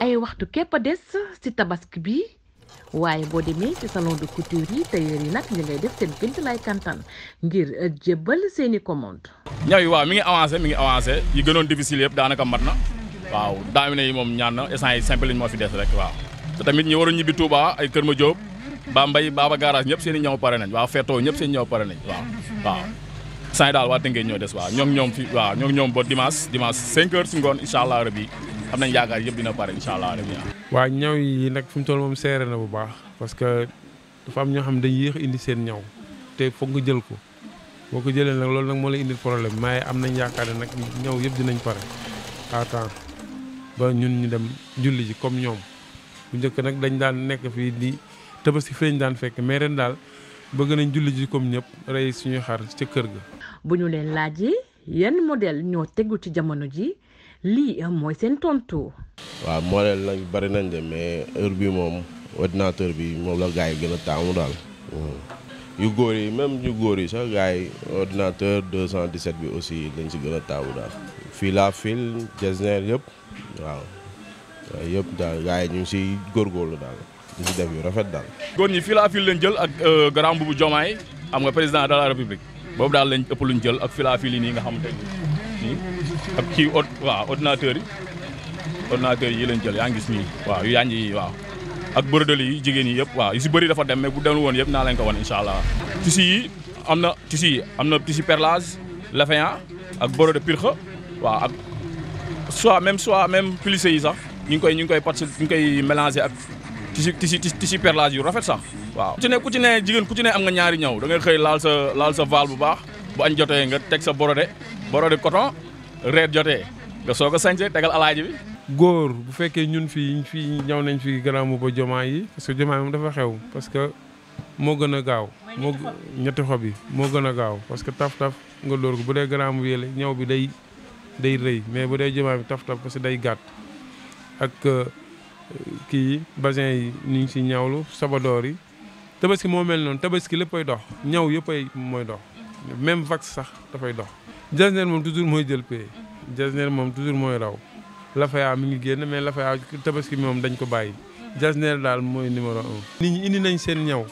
ay waxtu képp a des ci tabaski bi waaye boo demee ci salon de couture yi tailleur nag ñu ngay def seen pint lay kantan ngir euh, jébbal seen i commande ñaw yi waaw mi ngi avancé mu ngi avancé yi gënoon difficile yëpp daanaka mat na waaw daamine yi moom ñaan na essence yi simple moo fi des rek waaw te tamit ñi waroon ñibbi Touba ay Kër Madiop ba mbay baaba garage ñëpp seen i ñëw pare nañ waa feetoo ñëpp seen i ñëw pare nañ waaw waaw sant daal waa Tëngéej ñoo des waaw ñoo ngi waaw ñoo ngi ñoom ba dimanche dimanche 5 heures si ngoon incha allah rabi am nañ yaakaar yëpp dina pare incha allah waa waaw ñaw yi nag fi toll moom seere na bu baax parce que dafa am ñoo xam dañ yéex indi seen ñaw te foog nga jël ko boo ko jëlee nag loolu nag moo lay indil problème maaye am nañ yaakaar ne nag ñaw yëpp dinañ pare à temps ba ñun ñu dem julli ji comme ñoom bu njëkk nag dañ daan nekk fii di tabaski fi lañ daan fekk mais ren daal bëgg nañ julli ji comme ñëpp rey suñu xar ca kër ga. bu ñu leen laajee yenn modèle ñoo tegu ci jamono ji. lii mooy seen tontu. waaw modèle nag bari nañ de mais heure bi moom ordinateur bi moom la gars gën a taamu daal. Hmm. yu góor yi même yu góor yi sax gars yi ordinateur 217 bi aussi lañ si gën a taamu daal. fil à fil Getzner yëpp waaw waaye yëpp daal gars ñu ngi siy góorgóorlu daal ñu si def yu rafet daal. góor ñi fil à fil jël ak euh, grand boubou Diomaye am nga président de la république boobu daal lañ ëpp luñ jël ak fil à yi nii nga xamante ni yi ak kii ord waaw ordinateur yi ordinateur yi lañ jël yaa ngi gis nii waaw yu yànj yi waaw ak brodel yi jigéen yi yëpp waa yu si bëri dafa dem mais bu demul woon yëpp naa leen ko wan incha allah. tissu yi am na tissu yi am na tissu perlage lafeyan ak brodé pirxa waa ak soit même soit même plissé yi sax ñu ngi koy ñu ngi koy pàcc ñu ngi koy mélangé ak tissu tissu tissu perlage yu rafet sax. waaw ku ci ne ku ne jigéen ku ci ne am nga ñaari ñaw da ngay xëy laal sa laal sa vaal bu baax bu añ jotee nga teg sa borodé borodi coton reer jotee nga soog a sañse tegal alaaji bi. góor bu fekkee ñun fii fi ñëw nañ fi gannaaw ba jomaay yi parce que jomaay moom dafa xew parce que moo gën a gaaw moo ñetti xob yi moo gën a gaaw parce que taf-taf nga dóor ko bu dee gannaaw bi yële ñëw bi day day rëy mais bu dee jomaay bi taf-taf parce day gàtt ak euh, kii basin yi ñu ngi si ñawlu sabadoor yi tabaski moo mel noonu tabaski léppay dox ñaw yëppay mooy dox même vax sax dafay dox Jasneer moom toujours mooy jël pay Jasneer moom toujours mooy raw Lafaya mi ngi génn mais Lafaya tabaski moom dañ ko bàyyi Jasneer daal mooy numéro un. nit ñi indi nañ seen ñaw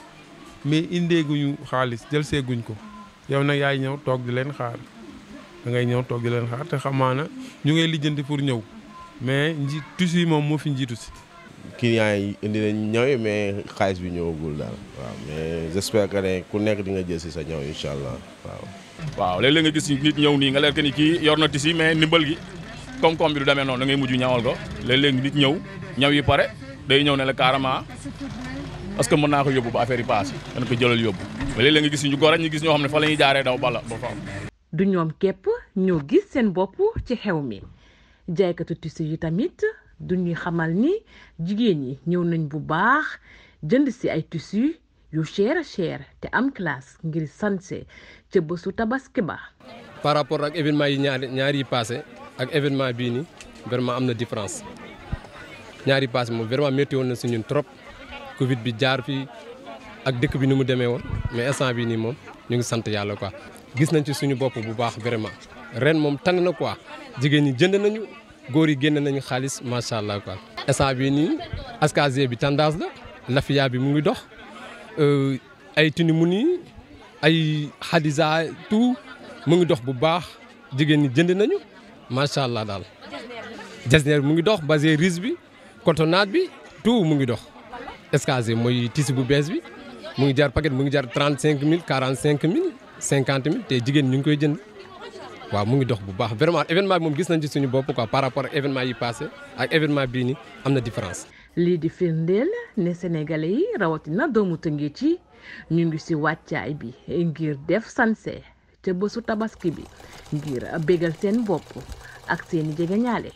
mais indeeguñu xaalis jël seeguñ ko yow nag yaay ñëw toog di leen xaar da ngay ñëw toog di leen xaar te xamaana ñu ngay lijjanti pour ñëw mais nji tusi moom moo fi njiitu si. clients yi indi nañ ñëw mais xaalis bi ñëwagul daal. waaw mais j'espère que ne ku nekk di nga jël si sa ñëw incha allah waaw. waaw léeg-léeg nga gis nit ñëw nii nga leer que ni kii yor na tissu mais ndimbal gi koom-koom bi du demee noonu da ngay mujj ñawal ko léeg-léeg nit ñëw ñaw yi pare day ñëw ne la carrément parce que mën naa ko yóbbu ba affaire yi paase dana ko jëlal yóbbu mais léeg gis ñu gore ñu gis ñoo xam ne fa la ñuy jaaree daw bala ba fa du ñoom képp ñoo gis seen bopp ci xew mi jaaykatu tissu yi tamit du ñuy xamal ni jigéen ñi ñëw nañ bu baax jënd si ay tissus yu cher cher te am classe ngir sanse ca bésu tabaski ba. par rapport ak événement yi ñaari ñaari yi passé ak événement bii nii vraiment am na différence ñaari passé moom vraiment métti woon na si ñun trop Covid bi jaar fi ak dëkk bi ni mu demee woon mais instant bii nii moom ñu ngi sant yàlla quoi. gis nañ ci suñu bopp bu baax vraiment ren moom tane na quoi jigéen ñi jënd nañu góor yi génn nañu xaalis macha allah quoi. instant bii nii askaze bi tendance la lafiya bi mu ngi dox. Euh, ay Tinimuni ay Hadiza tout mu ngi dox bu baax jigéen ñi jënd nañu macha allah daal. jasneer mu ngi dox basé riz bi cotonnade bi tout mu ngi dox. escasé mooy tissu bu bees bi mu ngi jar paquet mu ngi jar trente cinq mille quarante cinq mille cinquante mille te jigéen ñu ngi koy jënd. waaw mu ngi dox bu baax vraiment événement bi moom gis nañ ci suñu bopp quoi par rapport ak événement yi passé ak événement bii ni am na différence. lii di firndeel ne senegale yi rawatina doomu Tëngéej ci ñu ngi ci wàccaay bi ngir def sanse ca bésu tabaski bi ngir bégal seen bopp ak seeni jegeñaale